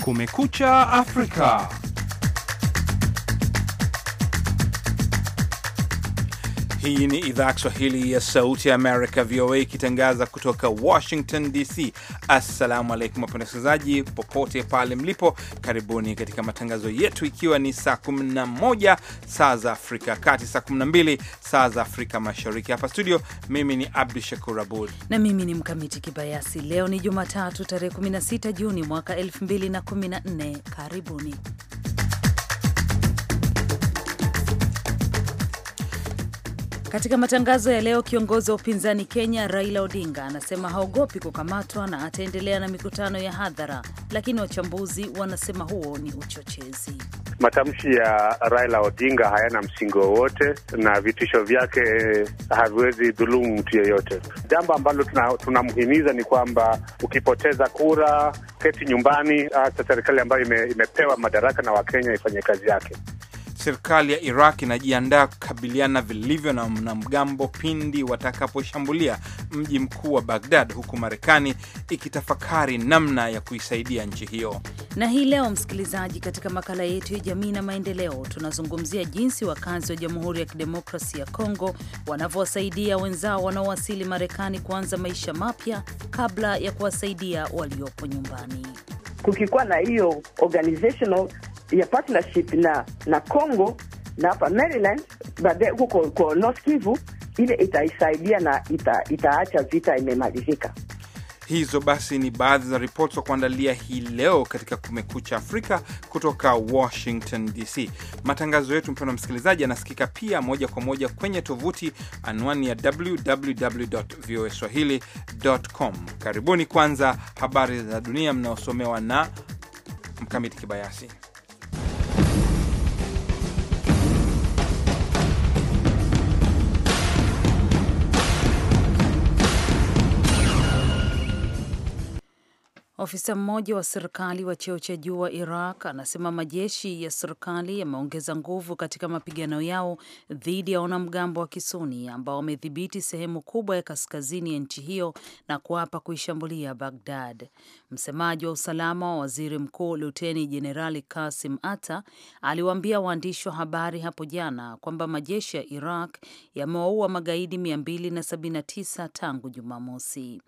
Kumekucha Afrika. Hii ni idhaa ya Kiswahili ya Sauti ya Amerika, VOA, ikitangaza kutoka Washington DC. Assalamu alaikum wapenda wasikilizaji popote pale mlipo, karibuni katika matangazo yetu, ikiwa ni saa 11 saa za Afrika Kati, saa 12 saa za Afrika Mashariki. Hapa studio, mimi ni Abdu Shakur Abud na mimi ni Mkamiti Kibayasi. Leo ni Jumatatu, tarehe 16 Juni mwaka 2014. Karibuni. Katika matangazo ya leo, kiongozi wa upinzani Kenya Raila Odinga anasema haogopi kukamatwa na ataendelea na mikutano ya hadhara, lakini wachambuzi wanasema huo ni uchochezi. Matamshi ya Raila Odinga hayana msingi wowote na vitisho vyake haviwezi dhulumu mtu yeyote. Jambo ambalo tunamhimiza tuna ni kwamba ukipoteza kura, keti nyumbani, hata serikali ambayo ime, imepewa madaraka na Wakenya ifanye kazi yake serikali ya Iraq inajiandaa kukabiliana vilivyo na wanamgambo pindi watakaposhambulia mji mkuu wa Bagdad, huku Marekani ikitafakari namna ya kuisaidia nchi hiyo. Na hii leo, msikilizaji, katika makala yetu ya jamii na maendeleo, tunazungumzia jinsi wakazi wa Jamhuri ya Kidemokrasia ya Kongo wanavyowasaidia wenzao wanaowasili Marekani kuanza maisha mapya kabla ya kuwasaidia waliopo nyumbani. Kukikuwa na hiyo organizational ya partnership na na Congo na hapa Maryland, baadaye huko kwa North Kivu, ile itaisaidia na ita, itaacha vita imemalizika. Hizo basi ni baadhi za ripoti za kuandalia hii leo katika Kumekucha Afrika kutoka Washington DC. Matangazo yetu, mpendwa msikilizaji, yanasikika pia moja kwa moja kwenye tovuti anwani ya www voa swahili.com. Karibuni kwanza habari za dunia mnaosomewa na Mkamiti Kibayasi. Ofisa mmoja wa serikali wa cheo cha juu wa Iraq anasema majeshi ya serikali yameongeza nguvu katika mapigano yao dhidi ya wanamgambo wa Kisuni ambao wamedhibiti sehemu kubwa ya kaskazini ya nchi hiyo na kuapa kuishambulia Bagdad. Msemaji wa usalama wa waziri mkuu Luteni Jenerali Kasim Ata aliwaambia waandishi wa habari hapo jana kwamba majeshi ya Iraq yamewaua magaidi 279 tangu Jumamosi.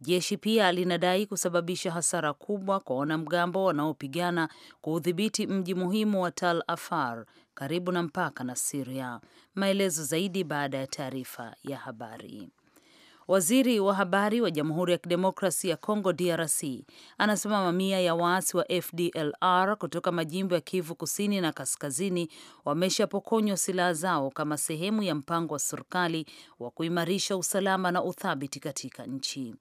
Jeshi pia linadai kusababisha hasara kubwa kwa wanamgambo wanaopigana kuudhibiti mji muhimu wa Tal Afar karibu na mpaka na Siria. Maelezo zaidi baada ya taarifa ya habari. Waziri wa habari wa Jamhuri ya Kidemokrasi ya Kongo, DRC, anasema mamia ya waasi wa FDLR kutoka majimbo ya Kivu Kusini na Kaskazini wameshapokonywa silaha zao kama sehemu ya mpango wa serikali wa kuimarisha usalama na uthabiti katika nchi.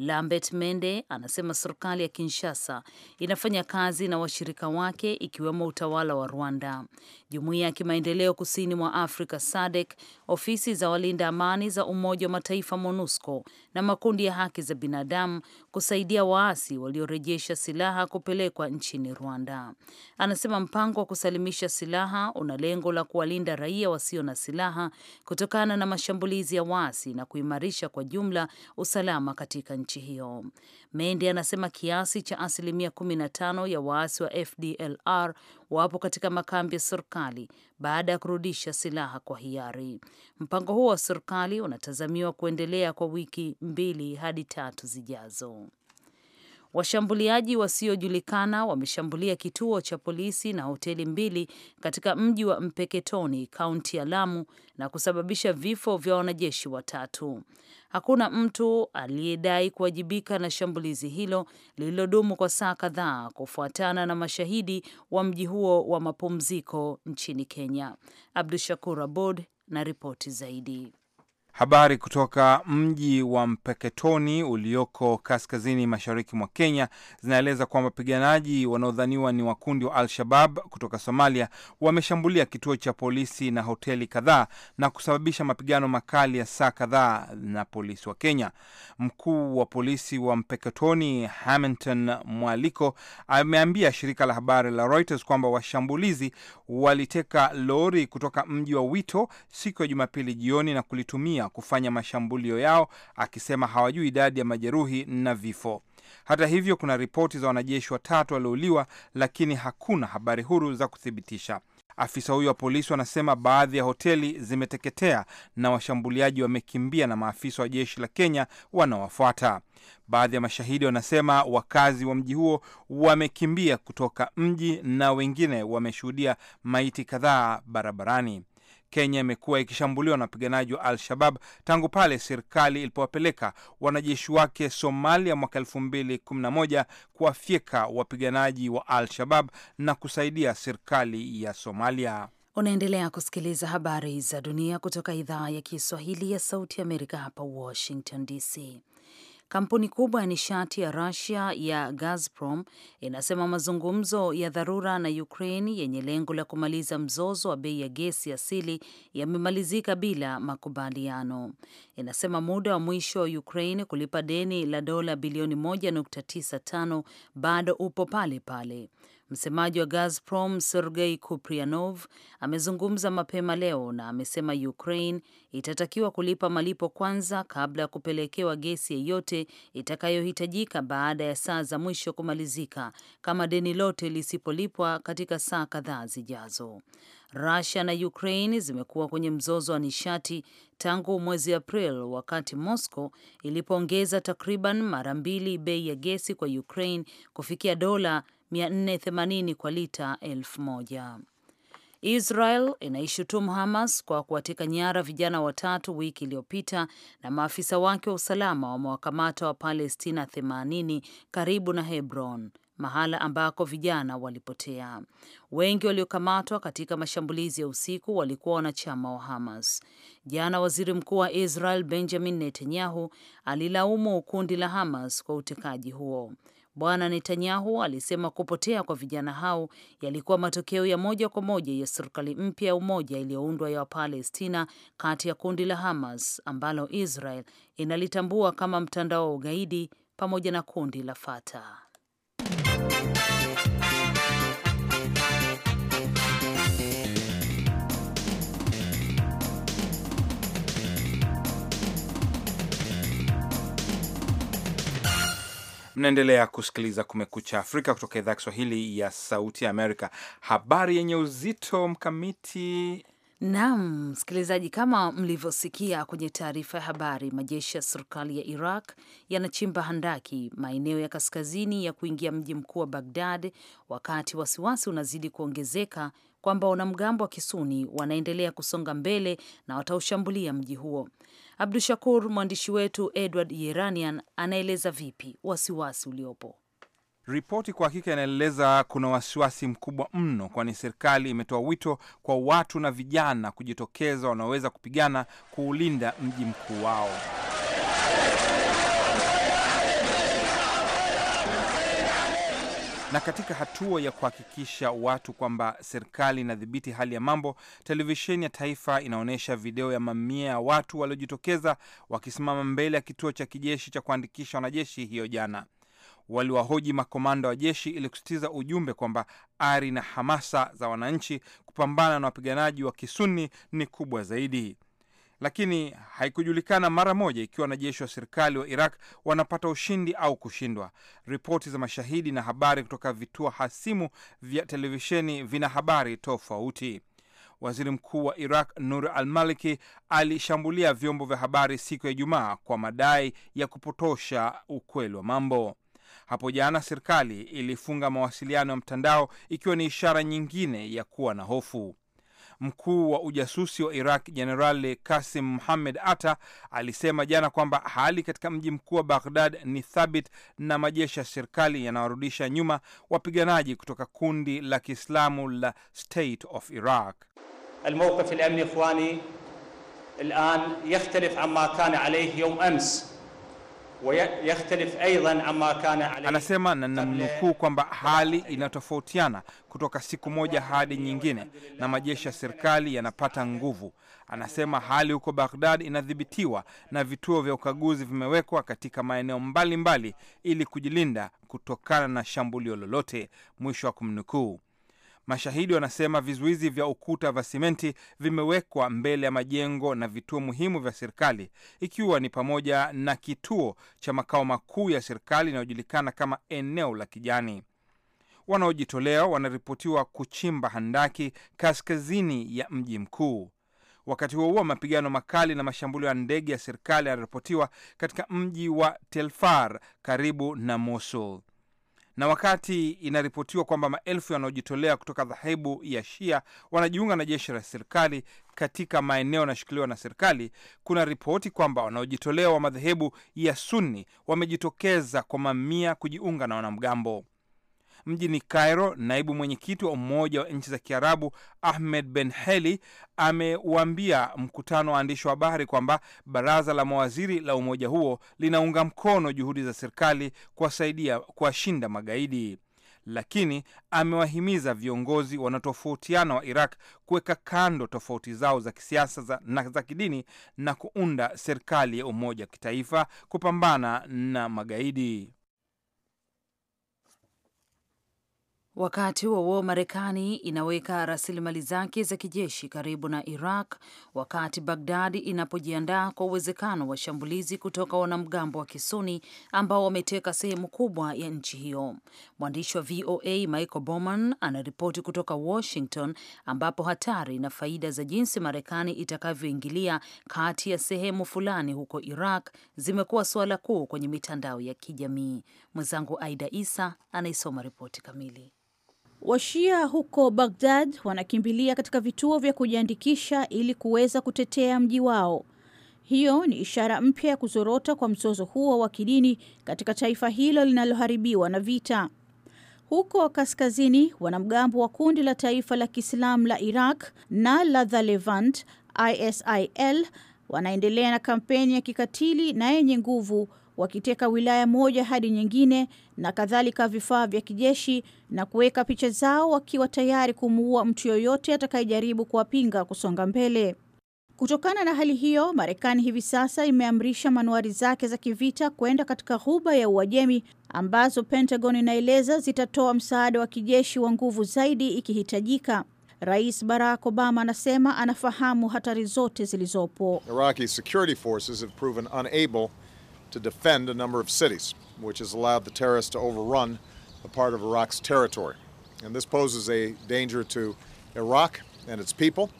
Lambert Mende anasema serikali ya Kinshasa inafanya kazi na washirika wake ikiwemo utawala wa Rwanda, jumuiya ya kimaendeleo kusini mwa Afrika SADC, ofisi za walinda amani za Umoja wa Mataifa MONUSCO na makundi ya haki za binadamu kusaidia waasi waliorejesha silaha kupelekwa nchini Rwanda. Anasema mpango wa kusalimisha silaha una lengo la kuwalinda raia wasio na silaha kutokana na mashambulizi ya waasi na kuimarisha kwa jumla usalama katika nchi nchi hiyo. Mendi anasema kiasi cha asilimia 15 ya waasi wa FDLR wapo katika makambi ya serikali baada ya kurudisha silaha kwa hiari. Mpango huo wa serikali unatazamiwa kuendelea kwa wiki mbili hadi tatu zijazo. Washambuliaji wasiojulikana wameshambulia kituo cha polisi na hoteli mbili katika mji wa Mpeketoni, kaunti ya Lamu na kusababisha vifo vya wanajeshi watatu. Hakuna mtu aliyedai kuwajibika na shambulizi hilo lililodumu kwa saa kadhaa, kufuatana na mashahidi wa mji huo wa mapumziko nchini Kenya. Abdu Shakur Abud na ripoti zaidi. Habari kutoka mji wa Mpeketoni ulioko kaskazini mashariki mwa Kenya zinaeleza kwamba wapiganaji wanaodhaniwa ni wakundi wa Al-Shabab kutoka Somalia wameshambulia kituo cha polisi na hoteli kadhaa na kusababisha mapigano makali ya saa kadhaa na polisi wa Kenya. Mkuu wa polisi wa Mpeketoni, Hamilton Mwaliko, ameambia shirika la habari la Reuters kwamba washambulizi waliteka lori kutoka mji wa Wito siku ya Jumapili jioni na kulitumia kufanya mashambulio yao, akisema hawajui idadi ya majeruhi na vifo. Hata hivyo, kuna ripoti za wanajeshi watatu waliouliwa, lakini hakuna habari huru za kuthibitisha. Afisa huyo wa polisi wanasema baadhi ya hoteli zimeteketea na washambuliaji wamekimbia na maafisa wa jeshi la Kenya wanawafuata. Baadhi ya mashahidi wanasema wakazi wa mji huo wamekimbia kutoka mji na wengine wameshuhudia maiti kadhaa barabarani. Kenya imekuwa ikishambuliwa na wapiganaji wa Al-Shabab tangu pale serikali ilipowapeleka wanajeshi wake Somalia mwaka 211 kuwafyeka wapiganaji wa Al-Shabab na kusaidia serikali ya Somalia. Unaendelea kusikiliza habari za dunia kutoka idhaa ya Kiswahili ya Sauti ya Amerika hapa Washington DC. Kampuni kubwa ya nishati ya Russia ya Gazprom inasema mazungumzo ya dharura na Ukraine yenye lengo la kumaliza mzozo wa bei ya gesi asili yamemalizika bila makubaliano. Inasema muda wa mwisho wa Ukraine kulipa deni la dola bilioni 1.95 bado upo pale pale. Msemaji wa Gazprom Sergei Kuprianov amezungumza mapema leo na amesema Ukraine itatakiwa kulipa malipo kwanza kabla ya kupelekewa gesi yeyote itakayohitajika baada ya saa za mwisho kumalizika kama deni lote lisipolipwa katika saa kadhaa zijazo. Russia na Ukraine zimekuwa kwenye mzozo wa nishati tangu mwezi April wakati Moscow ilipoongeza takriban mara mbili bei ya gesi kwa Ukraine kufikia dola 480 kwa lita 1000. Israel inaishutumu Hamas kwa kuwateka nyara vijana watatu wiki iliyopita na maafisa wake wa usalama wamewakamata wa Palestina 80 karibu na Hebron, mahala ambako vijana walipotea. Wengi waliokamatwa katika mashambulizi ya usiku walikuwa wanachama wa Hamas. Jana waziri mkuu wa Israel Benjamin Netanyahu alilaumu kundi la Hamas kwa utekaji huo. Bwana Netanyahu alisema kupotea kwa vijana hao yalikuwa matokeo ya moja kwa moja ya serikali mpya ya umoja iliyoundwa ya Wapalestina kati ya kundi la Hamas ambalo Israel inalitambua kama mtandao wa ugaidi pamoja na kundi la Fatah. Mnaendelea kusikiliza Kumekucha Afrika kutoka idhaa ya Kiswahili ya Sauti ya Amerika. Habari yenye uzito mkamiti Naam, msikilizaji, kama mlivyosikia kwenye taarifa ya habari, majeshi ya serikali ya Iraq yanachimba handaki maeneo ya kaskazini ya kuingia mji mkuu wa Bagdad, wakati wasiwasi unazidi kuongezeka kwamba wanamgambo wa Kisuni wanaendelea kusonga mbele na wataushambulia mji huo. Abdu Shakur, mwandishi wetu Edward Yeranian anaeleza vipi wasiwasi uliopo. Ripoti kwa hakika inaeleza kuna wasiwasi mkubwa mno, kwani serikali imetoa wito kwa watu na vijana kujitokeza, wanaoweza kupigana kuulinda mji mkuu wao. Na katika hatua ya kuhakikisha watu kwamba serikali inadhibiti hali ya mambo, televisheni ya taifa inaonyesha video ya mamia ya watu waliojitokeza wakisimama mbele ya kituo cha kijeshi cha kuandikisha wanajeshi hiyo jana. Waliwahoji makomanda wa jeshi ili kusitiza ujumbe kwamba ari na hamasa za wananchi kupambana na wapiganaji wa Kisuni ni kubwa zaidi lakini haikujulikana mara moja ikiwa wanajeshi wa serikali wa Iraq wanapata ushindi au kushindwa. Ripoti za mashahidi na habari kutoka vituo hasimu vya televisheni vina habari tofauti. Waziri mkuu wa Iraq Nur al Maliki alishambulia vyombo vya habari siku ya Ijumaa kwa madai ya kupotosha ukweli wa mambo. Hapo jana serikali ilifunga mawasiliano ya mtandao ikiwa ni ishara nyingine ya kuwa na hofu mkuu wa ujasusi wa Iraq Jenerali Kasim Muhamed Ata alisema jana kwamba hali katika mji mkuu wa Baghdad ni thabit na majeshi ya serikali yanawarudisha nyuma wapiganaji kutoka kundi la Kiislamu la State of Iraq. Almawqif alamni ikhwani alan yakhtalif amma kana alayhi yawm ams Anasema na namnukuu, kwamba hali inatofautiana kutoka siku moja hadi nyingine, na majeshi ya serikali yanapata nguvu. Anasema hali huko Baghdad inadhibitiwa na vituo vya ukaguzi vimewekwa katika maeneo mbalimbali ili kujilinda kutokana na shambulio lolote, mwisho wa kumnukuu. Mashahidi wanasema vizuizi vya ukuta vya simenti vimewekwa mbele ya majengo na vituo muhimu vya serikali, ikiwa ni pamoja na kituo cha makao makuu ya serikali inayojulikana kama eneo la kijani. Wanaojitolea wanaripotiwa kuchimba handaki kaskazini ya mji mkuu. Wakati huo huo, mapigano makali na mashambulio ya ndege ya serikali yanaripotiwa katika mji wa Telfar karibu na Mosul na wakati inaripotiwa kwamba maelfu wanaojitolea kutoka dhahebu ya Shia wanajiunga na jeshi la serikali katika maeneo yanayoshikiliwa na serikali, kuna ripoti kwamba wanaojitolea wa madhehebu ya Sunni wamejitokeza kwa mamia kujiunga na wanamgambo mjini Cairo, naibu mwenyekiti wa Umoja wa Nchi za Kiarabu Ahmed Ben Heli amewaambia mkutano wa waandishi wa habari kwamba baraza la mawaziri la umoja huo linaunga mkono juhudi za serikali kuwasaidia kuwashinda magaidi, lakini amewahimiza viongozi wanaotofautiana wa Iraq kuweka kando tofauti zao za kisiasa na za kidini na kuunda serikali ya umoja wa kitaifa kupambana na magaidi. Wakati huo huo, Marekani inaweka rasilimali zake za kijeshi karibu na Iraq wakati Bagdadi inapojiandaa kwa uwezekano wa shambulizi kutoka wanamgambo wa Kisuni ambao wameteka sehemu kubwa ya nchi hiyo. Mwandishi wa VOA Michael Bowman anaripoti kutoka Washington, ambapo hatari na faida za jinsi Marekani itakavyoingilia kati ya sehemu fulani huko Iraq zimekuwa suala kuu kwenye mitandao ya kijamii. Mwenzangu Aida Isa anaisoma ripoti kamili. Washia huko Baghdad wanakimbilia katika vituo vya kujiandikisha ili kuweza kutetea mji wao. Hiyo ni ishara mpya ya kuzorota kwa mzozo huo wa kidini katika taifa hilo linaloharibiwa na vita. Huko kaskazini, wanamgambo wa kundi la taifa la Kiislamu la Iraq na la The Levant ISIL wanaendelea na kampeni ya kikatili na yenye nguvu wakiteka wilaya moja hadi nyingine na kadhalika vifaa vya kijeshi na kuweka picha zao wakiwa tayari kumuua mtu yoyote atakayejaribu kuwapinga kusonga mbele. Kutokana na hali hiyo, Marekani hivi sasa imeamrisha manuari zake za kivita kwenda katika ghuba ya Uajemi ambazo Pentagon inaeleza zitatoa msaada wa kijeshi wa nguvu zaidi ikihitajika. Rais Barack Obama anasema anafahamu hatari zote zilizopo. Iraqi security forces have proven unable to defend a number of cities, which has allowed the terrorists to overrun a part of Iraq's territory. And this poses a danger to Iraq and its people,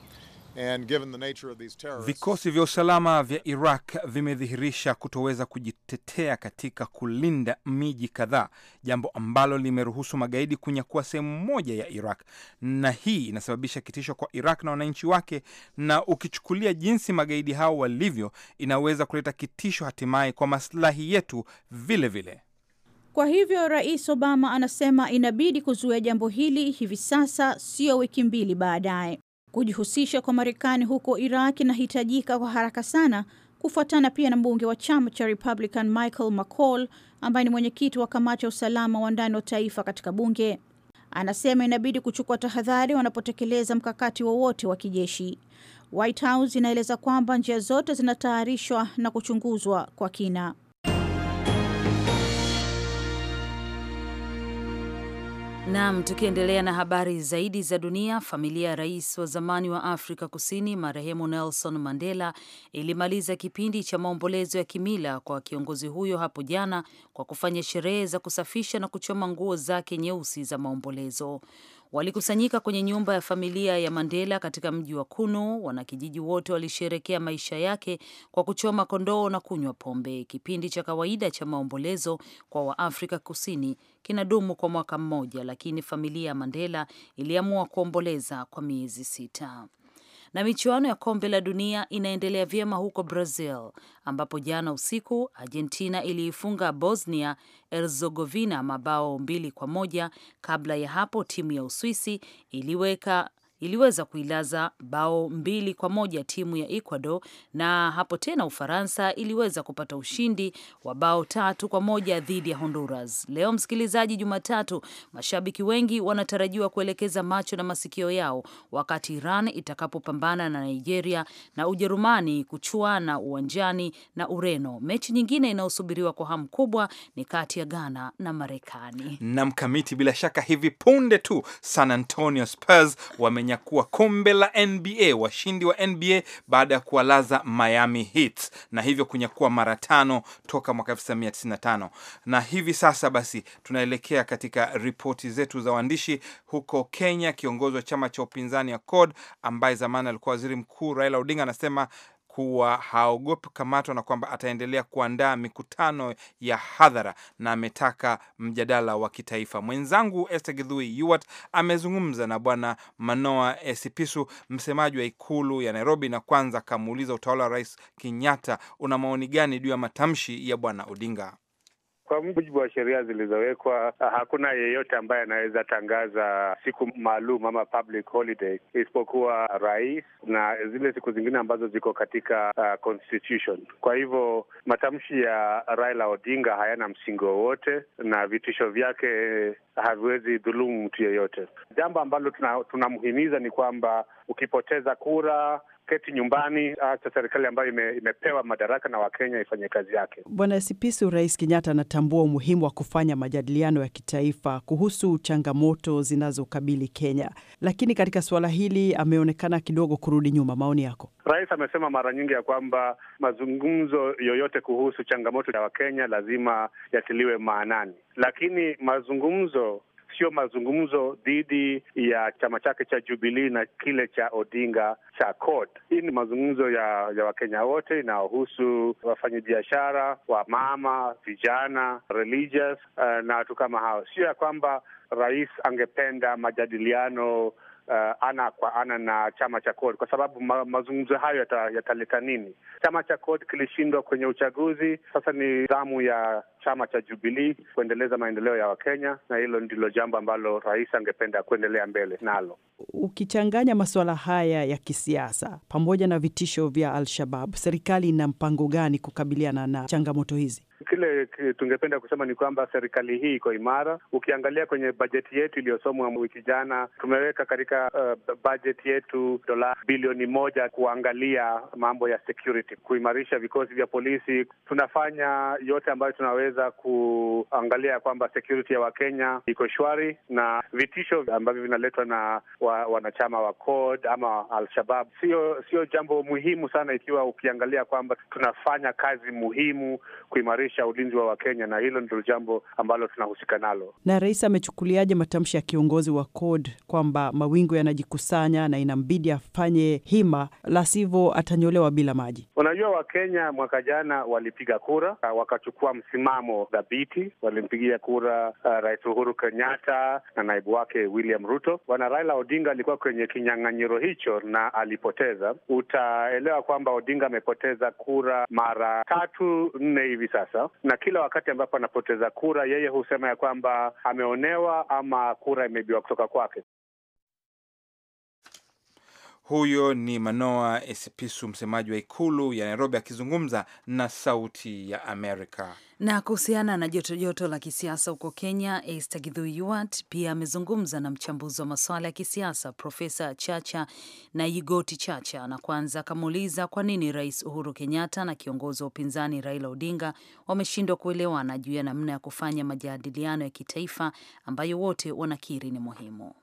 Vikosi vya usalama vya Iraq vimedhihirisha kutoweza kujitetea katika kulinda miji kadhaa, jambo ambalo limeruhusu magaidi kunyakua sehemu moja ya Iraq, na hii inasababisha kitisho kwa Iraq na wananchi wake, na ukichukulia jinsi magaidi hao walivyo, inaweza kuleta kitisho hatimaye kwa maslahi yetu vilevile vile. Kwa hivyo Rais Obama anasema inabidi kuzuia jambo hili hivi sasa, sio wiki mbili baadaye. Kujihusisha kwa Marekani huko Iraq inahitajika kwa haraka sana, kufuatana pia na mbunge wa chama cha Republican Michael McCaul ambaye ni mwenyekiti wa kamati ya usalama wa ndani wa taifa katika bunge. Anasema inabidi kuchukua tahadhari wanapotekeleza mkakati wowote wa, wa kijeshi. White House inaeleza kwamba njia zote zinatayarishwa na kuchunguzwa kwa kina. Naam, tukiendelea na habari zaidi za dunia, familia ya rais wa zamani wa Afrika Kusini marehemu Nelson Mandela ilimaliza kipindi cha maombolezo ya kimila kwa kiongozi huyo hapo jana kwa kufanya sherehe za kusafisha na kuchoma nguo zake nyeusi za maombolezo walikusanyika kwenye nyumba ya familia ya Mandela katika mji wa Kunu. Wanakijiji wote walisherekea maisha yake kwa kuchoma kondoo na kunywa pombe. Kipindi cha kawaida cha maombolezo kwa Waafrika Kusini kinadumu kwa mwaka mmoja, lakini familia ya Mandela iliamua kuomboleza kwa miezi sita. Na michuano ya kombe la dunia inaendelea vyema huko Brazil, ambapo jana usiku Argentina iliifunga Bosnia Herzegovina mabao mbili kwa moja. Kabla ya hapo timu ya Uswisi iliweka iliweza kuilaza bao mbili kwa moja timu ya Ecuador, na hapo tena Ufaransa iliweza kupata ushindi wa bao tatu kwa moja dhidi ya Honduras. Leo msikilizaji, Jumatatu, mashabiki wengi wanatarajiwa kuelekeza macho na masikio yao wakati Iran itakapopambana na Nigeria na Ujerumani kuchuana uwanjani na Ureno. Mechi nyingine inayosubiriwa kwa hamu kubwa ni kati ya Ghana na Marekani na mkamiti, bila shaka hivi punde tu San Antonio Spurs wame wamenyakua kombe la NBA, washindi wa NBA baada ya kuwalaza Miami Heat na hivyo kunyakua mara tano toka mwaka 1995. Na hivi sasa basi tunaelekea katika ripoti zetu za waandishi huko Kenya. Kiongozi wa chama cha upinzani ya CORD ambaye zamani alikuwa waziri mkuu Raila Odinga anasema kuwa haogopi kukamatwa na kwamba ataendelea kuandaa mikutano ya hadhara na ametaka mjadala wa kitaifa. Mwenzangu Esther Githui Yuwat amezungumza na Bwana Manoa Esipisu, msemaji wa ikulu ya Nairobi, na kwanza akamuuliza utawala wa Rais Kenyatta una maoni gani juu ya matamshi ya Bwana Odinga. Kwa mujibu wa sheria zilizowekwa, hakuna yeyote ambaye anaweza tangaza siku maalum ama public holiday isipokuwa rais na zile siku zingine ambazo ziko katika uh, constitution. Kwa hivyo matamshi ya Raila Odinga hayana msingi wowote na vitisho vyake haviwezi dhulumu mtu yeyote. Jambo ambalo tunamhimiza tuna ni kwamba ukipoteza kura keti nyumbani, acha serikali ambayo ime, imepewa madaraka na Wakenya ifanye kazi yake. Bwana Sipisu, Rais Kenyatta anatambua umuhimu wa kufanya majadiliano ya kitaifa kuhusu changamoto zinazokabili Kenya, lakini katika suala hili ameonekana kidogo kurudi nyuma. Maoni yako? Rais amesema mara nyingi ya kwamba mazungumzo yoyote kuhusu changamoto ya Wakenya lazima yatiliwe maanani, lakini mazungumzo sio mazungumzo dhidi ya chama chake cha jubilii na kile cha Odinga cha CORD. Hii ni mazungumzo ya, ya Wakenya wote inayohusu wafanyabiashara, wamama, vijana, religious uh, na watu kama hao. Sio ya kwamba rais angependa majadiliano uh, ana kwa ana na chama cha CORD kwa sababu ma, mazungumzo hayo yataleta yata nini? Chama cha CORD kilishindwa kwenye uchaguzi. Sasa ni dhamu ya chama cha Jubilii kuendeleza maendeleo ya Wakenya, na hilo ndilo jambo ambalo rais angependa kuendelea mbele nalo. Ukichanganya masuala haya ya kisiasa pamoja na vitisho vya Al-Shabab, serikali ina mpango gani kukabiliana na changamoto hizi? Kile tungependa kusema ni kwamba serikali hii iko imara. Ukiangalia kwenye bajeti yetu iliyosomwa wiki jana, tumeweka katika uh, bajeti yetu dola bilioni moja kuangalia mambo ya security, kuimarisha vikosi vya polisi. Tunafanya yote ambayo tunaweza kuangalia kwamba security ya Wakenya iko shwari, na vitisho ambavyo vinaletwa na wa, wanachama wa CORD ama Al-Shabab sio sio jambo muhimu sana, ikiwa ukiangalia kwamba tunafanya kazi muhimu kuimarisha kuimarisha ulinzi wa Wakenya, na hilo ndilo jambo ambalo tunahusika nalo. Na rais amechukuliaje matamshi ya kiongozi wa CORD kwamba mawingu yanajikusanya na inambidi afanye hima, la sivyo atanyolewa bila maji? Unajua, Wakenya mwaka jana walipiga kura, uh, wakachukua msimamo dhabiti. Walimpigia kura uh, Rais Uhuru Kenyatta na naibu wake William Ruto. Bwana Raila Odinga alikuwa kwenye kinyang'anyiro hicho na alipoteza. Utaelewa kwamba Odinga amepoteza kura mara tatu nne hivi sasa kisiasa, na kila wakati ambapo anapoteza kura, yeye husema ya kwamba ameonewa ama kura imeibiwa kutoka kwake. Huyo ni Manoa Esipisu, msemaji wa ikulu ya Nairobi, akizungumza na Sauti ya Amerika. Na kuhusiana na joto joto la kisiasa huko Kenya, Esther Githui pia amezungumza na mchambuzi wa masuala ya kisiasa Profesa Chacha na igoti Chacha, na kwanza akamuuliza kwa nini Rais Uhuru Kenyatta na kiongozi wa upinzani Raila Odinga wameshindwa kuelewana juu ya namna ya kufanya majadiliano ya kitaifa ambayo wote wanakiri ni muhimu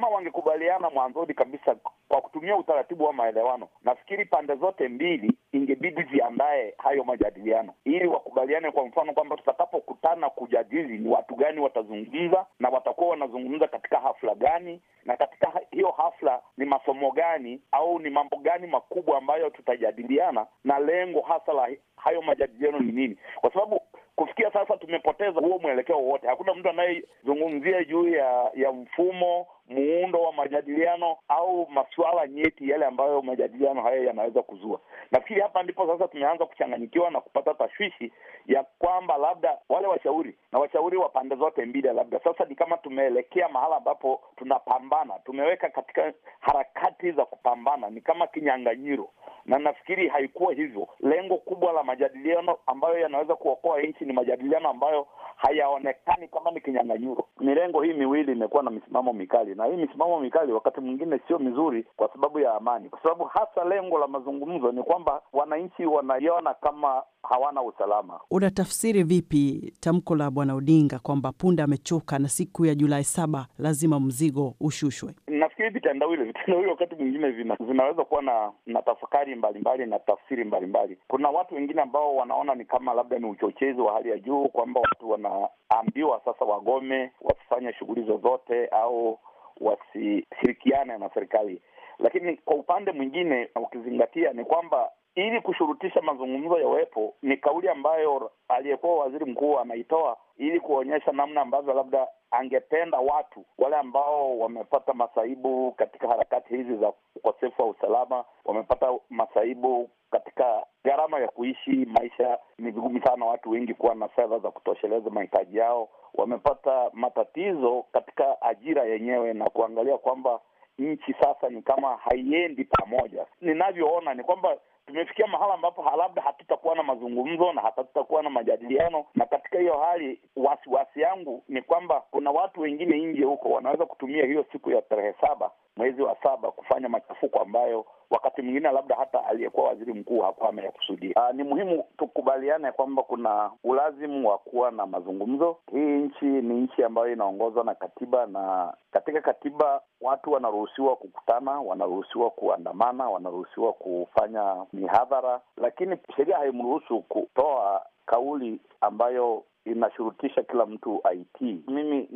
kama wangekubaliana mwanzoni kabisa kwa kutumia utaratibu wa maelewano, nafikiri pande zote mbili ingebidi ziandaye hayo majadiliano ili wakubaliane, kwa mfano kwamba tutakapokutana kujadili ni watu gani watazungumza na watakuwa wanazungumza katika hafla gani, na katika hiyo hafla ni masomo gani au ni mambo gani makubwa ambayo tutajadiliana, na lengo hasa la hayo majadiliano ni nini, kwa sababu kufikia sasa tumepoteza huo mwelekeo wote. Hakuna mtu anayezungumzia juu ya ya mfumo muundo wa majadiliano au masuala nyeti yale ambayo majadiliano haya yanaweza kuzua. Nafikiri hapa ndipo sasa tumeanza kuchanganyikiwa na kupata tashwishi ya kwamba labda wale washauri na washauri wa pande zote mbili, labda sasa ni kama tumeelekea mahala ambapo tunapambana, tumeweka katika harakati za kupambana, ni kama kinyang'anyiro, na nafikiri haikuwa hivyo. Lengo kubwa la majadiliano ambayo yanaweza kuokoa nchi ni majadiliano ambayo hayaonekani kama ni kinyang'anyiro. milengo hii miwili imekuwa na misimamo mikali na hii misimamo mikali wakati mwingine sio mizuri kwa sababu ya amani, kwa sababu hasa lengo la mazungumzo ni kwamba wananchi wanaiona kama hawana usalama. Unatafsiri vipi tamko la Bwana Odinga kwamba punda amechoka na siku ya Julai saba lazima mzigo ushushwe? Nafikiri vitandawili vitandawili wakati mwingine vina, vinaweza kuwa na na tafakari mbalimbali na tafsiri mbalimbali. Kuna watu wengine ambao wanaona ni kama labda ni uchochezi wa hali ya juu, kwamba watu wanaambiwa sasa wagome wasifanye shughuli zozote au wasishirikiane na serikali. Lakini kwa upande mwingine, ukizingatia ni kwamba ili kushurutisha mazungumzo yawepo, ni kauli ambayo aliyekuwa waziri mkuu anaitoa ili kuonyesha namna ambavyo labda angependa watu wale ambao wamepata masaibu katika harakati hizi za ukosefu wa usalama, wamepata masaibu katika gharama ya kuishi maisha. Ni vigumu sana watu wengi kuwa na fedha za kutosheleza mahitaji yao, wamepata matatizo katika ajira yenyewe, na kuangalia kwamba nchi sasa ni kama haiendi pamoja. Ninavyoona ni kwamba tumefikia mahala ambapo labda hatutakuwa na mazungumzo na hatutakuwa na majadiliano. Na katika hiyo hali, wasiwasi yangu ni kwamba kuna watu wengine nje huko wanaweza kutumia hiyo siku ya tarehe saba mwezi wa saba kufanya machafuko ambayo wakati mwingine labda hata aliyekuwa waziri mkuu hakuwa ameyakusudia. Ah, ni muhimu tukubaliane ya kwamba kuna ulazimu wa kuwa na mazungumzo. Hii nchi ni nchi ambayo inaongozwa na katiba, na katika katiba watu wanaruhusiwa kukutana, wanaruhusiwa kuandamana, wanaruhusiwa kufanya mihadhara, lakini sheria haimruhusu kutoa kauli ambayo inashurutisha kila mtu aitii. Mimi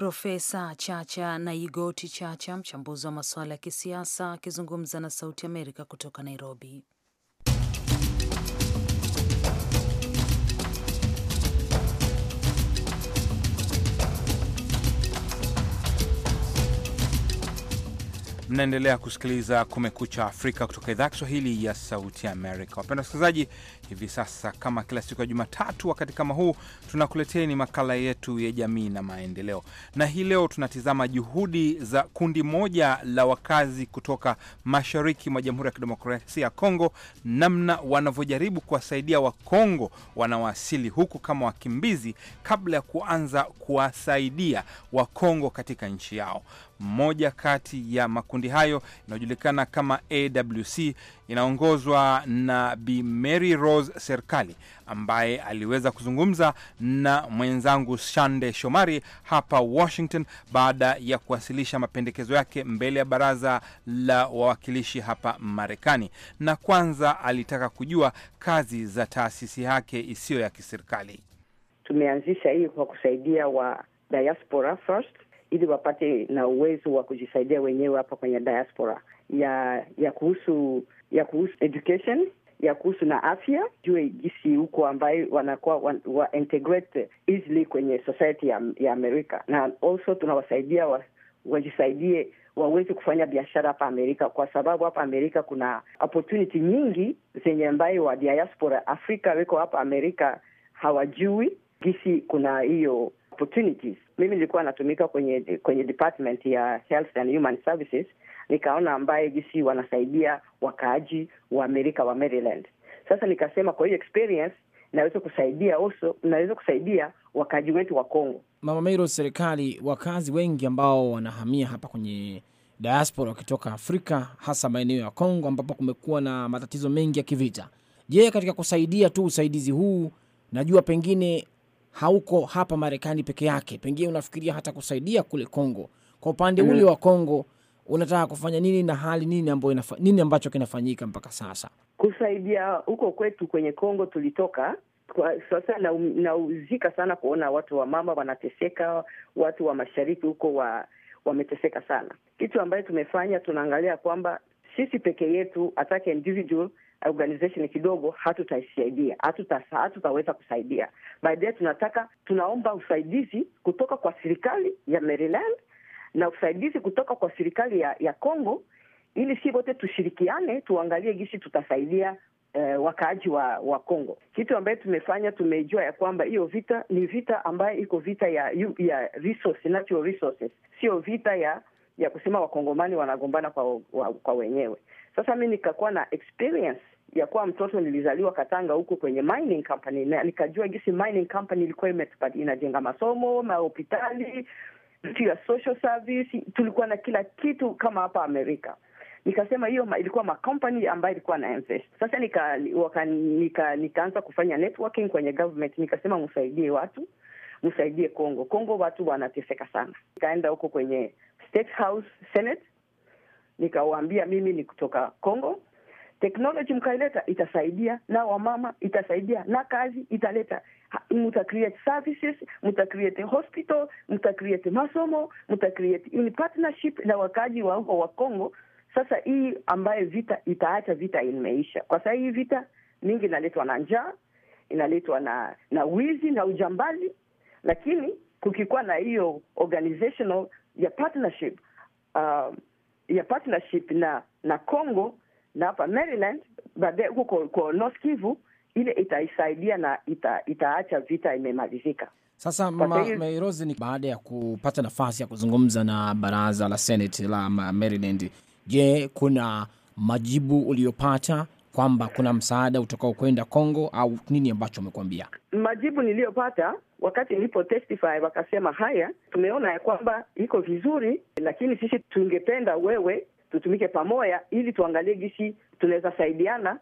Profesa Chacha Naigoti Chacha, mchambuzi wa masuala ya kisiasa, akizungumza na Sauti Amerika kutoka Nairobi. Mnaendelea kusikiliza Kumekucha Afrika kutoka idhaa ya Kiswahili ya Sauti ya Amerika. Wapenda wasikilizaji, hivi sasa kama kila siku ya Jumatatu wakati kama huu ni makala yetu ya jamii na maendeleo, na hii leo tunatizama juhudi za kundi moja la wakazi kutoka mashariki mwa Jamhuri ya Kidemokrasia ya Kongo, namna wanavyojaribu kuwasaidia Wakongo wanaowasili huku kama wakimbizi kabla ya kuanza kuwasaidia Wakongo katika nchi yao. Moja kati ya makundi hayo inayojulikana kama AWC inaongozwa na Bi Mary Rose Serikali, ambaye aliweza kuzungumza na mwenzangu Shande Shomari hapa Washington baada ya kuwasilisha mapendekezo yake mbele ya baraza la wawakilishi hapa Marekani. Na kwanza alitaka kujua kazi za taasisi yake isiyo ya kiserikali. Tumeanzisha hii kwa kusaidia wa diaspora first ili wapate na uwezo wa kujisaidia wenyewe hapa kwenye diaspora ya ya kuhusu ya kuhusu education ya kuhusu na afya, jue jisi huko ambayo wanakuwa wan, wa integrate easily kwenye society ya, ya Amerika, na also tunawasaidia wa, wajisaidie waweze kufanya biashara hapa Amerika, kwa sababu hapa Amerika kuna opportunity nyingi zenye ambayo wa diaspora Afrika weko hapa Amerika hawajui gisi kuna hiyo opportunities. Mimi nilikuwa natumika kwenye kwenye department ya Health and Human Services, nikaona ambaye jinsi wanasaidia wakaaji wa Amerika wa Maryland. Sasa nikasema kwa hiyo experience naweza kusaidia also, naweza kusaidia wakaaji wetu wa Kongo. Mama Mairo, serikali, wakazi wengi ambao wanahamia hapa kwenye diaspora wakitoka Afrika, hasa maeneo ya Kongo ambapo kumekuwa na matatizo mengi ya kivita. Je, katika kusaidia tu usaidizi huu, najua pengine hauko hapa Marekani peke yake, pengine unafikiria hata kusaidia kule Kongo. Kwa upande mhm. ule wa Kongo unataka kufanya nini na hali nini ambayo inafa, nini ambacho kinafanyika mpaka sasa kusaidia huko kwetu kwenye Kongo tulitoka kwa sasa um, nauzika sana kuona watu wa mama wanateseka, watu wa mashariki huko wa wameteseka sana. Kitu ambayo tumefanya tunaangalia kwamba sisi peke yetu, atake individual organization kidogo hatutaisaidia, hatutaweza kusaidia. Baadaye tunataka tunaomba usaidizi kutoka kwa serikali ya Maryland na usaidizi kutoka kwa serikali ya, ya Congo ili si wote tushirikiane, tuangalie gisi tutasaidia eh, wakaaji wa wa Congo. Kitu ambayo tumefanya tumejua ya kwamba hiyo vita ni vita ambayo iko vita ya ya natural resources, sio vita ya ya kusema wakongomani wanagombana kwa, wa, kwa wenyewe. Sasa mi nikakuwa na experience ya kuwa mtoto, nilizaliwa Katanga huku kwenye mining company, na nikajua gisi mining company ilikuwa inajenga masomo, mahopitali, vitu ya social service, tulikuwa na kila kitu kama hapa Amerika. Nikasema hiyo ma, ilikuwa makampani ambayo ilikuwa na invest. Sasa nika, nika, nikaanza kufanya networking kwenye government, nikasema msaidie watu, msaidie Kongo. Kongo watu wanateseka sana. Nikaenda huko kwenye State House, Senate nikawaambia mimi ni kutoka Kongo, teknoloji mkaileta, itasaidia na wamama, itasaidia na kazi, italeta muta create services, muta create hospital, muta create masomo, muta create in partnership na wakaji wa huko wa Kongo. Sasa hii ambaye vita itaacha vita imeisha. Kwa sasa hii vita mingi inaletwa na njaa, inaletwa na na wizi na ujambazi, lakini kukikuwa na hiyo organizational ya partnership uh, ya partnership na na Congo na hapa Maryland, baadaye huko kwa North Kivu, ile itaisaidia na ita, itaacha vita imemalizika. Sasa Mama ni baada ya kupata nafasi ya kuzungumza na baraza la Senate la Maryland, je, kuna majibu uliyopata kwamba kuna msaada utakao kwenda Kongo au nini ambacho umekwambia? Majibu niliyopata Wakati nilipo testify wakasema, haya, tumeona ya kwamba iko vizuri, lakini sisi tungependa wewe tutumike pamoja ili tuangalie gisi tunaweza saidiana,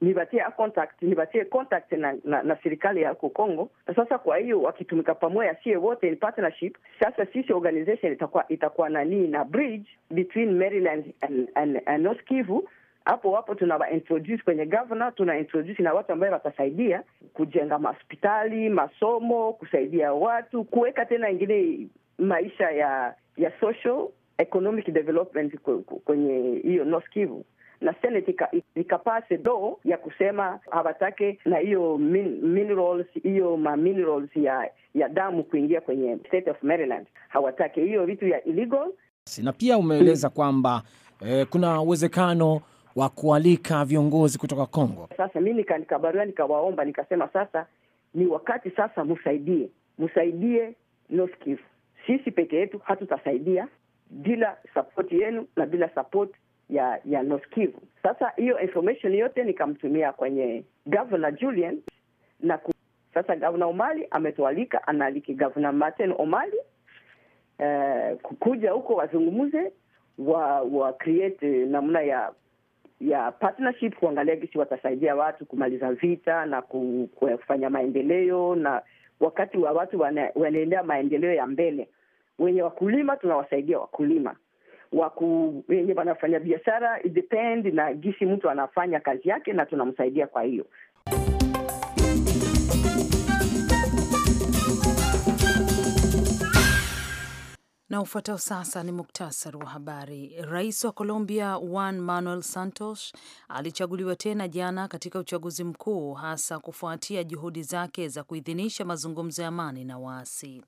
nipatie contact, nipatie contact na, na, na serikali ya Kongo. Na sasa kwa hiyo wakitumika pamoja, sie wote in partnership, sasa sisi organization itakuwa itakuwa nani na bridge between Maryland and, and, and North Kivu hapo hapo tunawa introduce kwenye governor, tuna introduce na watu ambaye watasaidia kujenga mahospitali, masomo, kusaidia watu kuweka tena ingine maisha ya ya social economic development kwenye hiyo North Kivu na Senate ikapase do ya kusema hawatake na hiyo min, minerals hiyo ma minerals ya ya damu kuingia kwenye state of Maryland, hawatake hiyo vitu ya illegal. Na pia umeeleza kwamba eh, kuna uwezekano wa kualika viongozi kutoka Kongo. Sasa mi nikaandika barua nikawaomba, nikasema sasa ni wakati sasa msaidie, msaidie North Kivu. Sisi peke yetu hatutasaidia bila sapoti yenu na bila sapoti ya ya North Kivu. Sasa hiyo information yote nikamtumia kwenye Governor Julian na ku... Sasa Governor Omali ametualika, anaaliki Governor Martin Omali eh, kukuja huko wazungumuze wa, wa create namna ya ya partnership kuangalia gisi watasaidia watu kumaliza vita na kufanya maendeleo, na wakati wa watu wanaendea maendeleo ya mbele, wenye wakulima tunawasaidia wakulima waku, wenye wanafanya biashara depend na gisi mtu anafanya kazi yake, na tunamsaidia kwa hiyo. Na ufuatao sasa ni muktasari wa habari. Rais wa Colombia Juan Manuel Santos alichaguliwa tena jana katika uchaguzi mkuu, hasa kufuatia juhudi zake za kuidhinisha mazungumzo ya amani na waasi.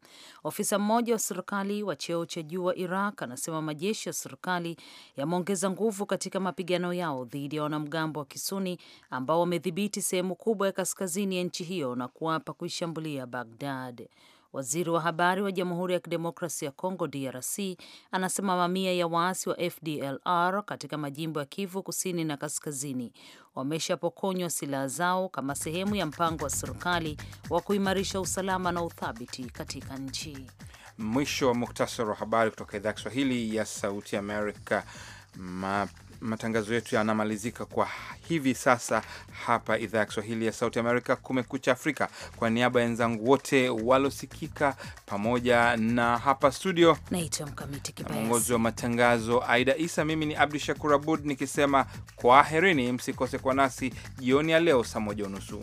Ofisa mmoja wa serikali wa cheo cha juu wa Iraq anasema majeshi ya serikali yameongeza nguvu katika mapigano yao dhidi ya wanamgambo wa Kisuni ambao wamedhibiti sehemu kubwa ya kaskazini ya nchi hiyo na kuapa kuishambulia Bagdad. Waziri wa habari wa Jamhuri ya Kidemokrasi ya Kongo, DRC, anasema mamia ya waasi wa FDLR katika majimbo ya Kivu kusini na kaskazini wameshapokonywa silaha zao kama sehemu ya mpango wa serikali wa kuimarisha usalama na uthabiti katika nchi. Mwisho wa muktasari wa habari kutoka idhaa ya Kiswahili ya Sauti Amerika. Ma, matangazo yetu yanamalizika kwa hivi sasa hapa idhaa ya Kiswahili ya Sauti Amerika, Kumekucha Afrika. Kwa niaba ya wenzangu wote walosikika pamoja na hapa studio mwongozi wa matangazo Aida Isa, mimi ni Abdu Shakur Abud nikisema kwaherini, msikose kwa nasi jioni ya leo saa moja unusu.